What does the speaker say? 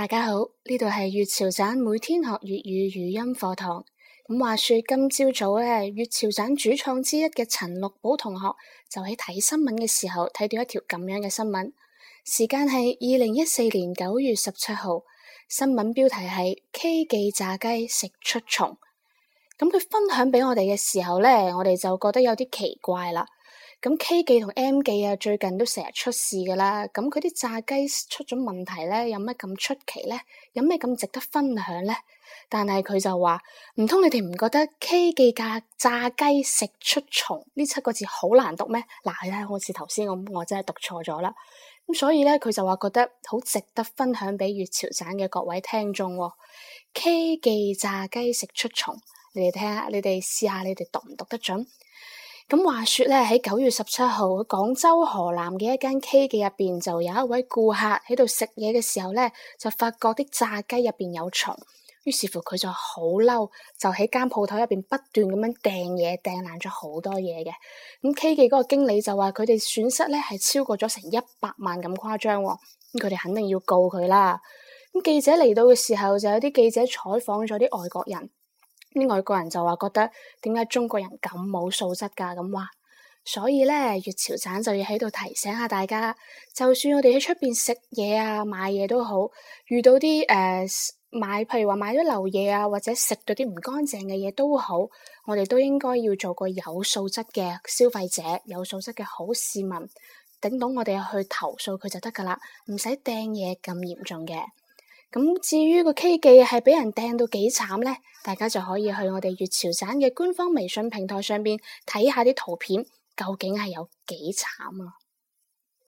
大家好，呢度係粵潮盞每天學粵語語音課堂。咁話說今早早，今朝早咧，粵潮盞主創之一嘅陳六寶同學就喺睇新聞嘅時候睇到一條咁樣嘅新聞，時間係二零一四年九月十七號，新聞標題係 K 記炸雞食出蟲。咁佢分享俾我哋嘅時候呢，我哋就覺得有啲奇怪啦。咁 K 記同 M 記啊，最近都成日出事㗎啦。咁佢啲炸雞出咗問題呢，有咩咁出奇呢？有咩咁值得分享呢？但係佢就話，唔通你哋唔覺得 K 記炸炸雞食出蟲呢七個字好難讀咩？嗱，你睇下，好似頭先咁我真係讀錯咗啦。咁所以呢，佢就話覺得好值得分享俾粵潮省嘅各位聽眾、哦。K 記炸雞食出蟲。你哋聽下，你哋試下，你哋讀唔讀得準？咁話說咧，喺九月十七號，廣州河南嘅一間 K 記入邊就有一位顧客喺度食嘢嘅時候咧，就發覺啲炸雞入邊有蟲，於是乎佢就好嬲，就喺間鋪頭入邊不斷咁樣掟嘢，掟爛咗好多嘢嘅。咁 K 記嗰個經理就話佢哋損失咧係超過咗成一百萬咁誇張喎，咁佢哋肯定要告佢啦。咁記者嚟到嘅時候，就有啲記者採訪咗啲外國人。啲外國人就話覺得，點解中國人咁冇素質噶咁話，所以咧粵潮省就要喺度提醒下大家，就算我哋喺出邊食嘢啊、買嘢都好，遇到啲誒、呃、買，譬如話買咗流嘢啊，或者食到啲唔乾淨嘅嘢都好，我哋都應該要做個有素質嘅消費者，有素質嘅好市民，頂到我哋去投訴佢就得噶啦，唔使掟嘢咁嚴重嘅。咁至於個 K 記係俾人掟到幾慘呢？大家就可以去我哋粵潮省嘅官方微信平台上邊睇下啲圖片，究竟係有幾慘啊！